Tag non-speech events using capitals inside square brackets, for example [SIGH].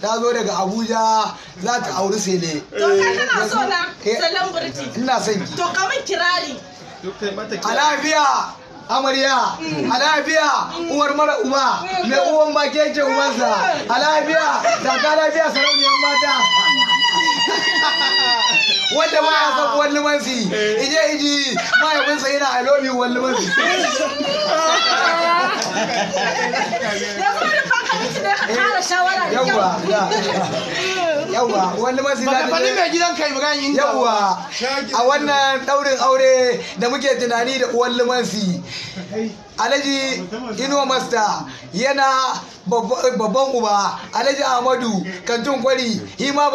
ta zo daga abuja za ta auri sele to kai kana so na salon burti ina son ki to kamar kirari a lafiya amarya mm. a lafiya mm. uwar mara uba mai mm. uwan bakin keke ubansa a lafiya ta lafiya sarauniyar mata [LAUGHS] wanda ba ya san wani mansi eh. ije iji ya bin sayi na alomi wani mansi shawara da wani mai gidan kai a wannan daurin aure da muke tunani da uwan limansi alhaji ino masta yana babban uba alhaji ahmadu kantun kwari hima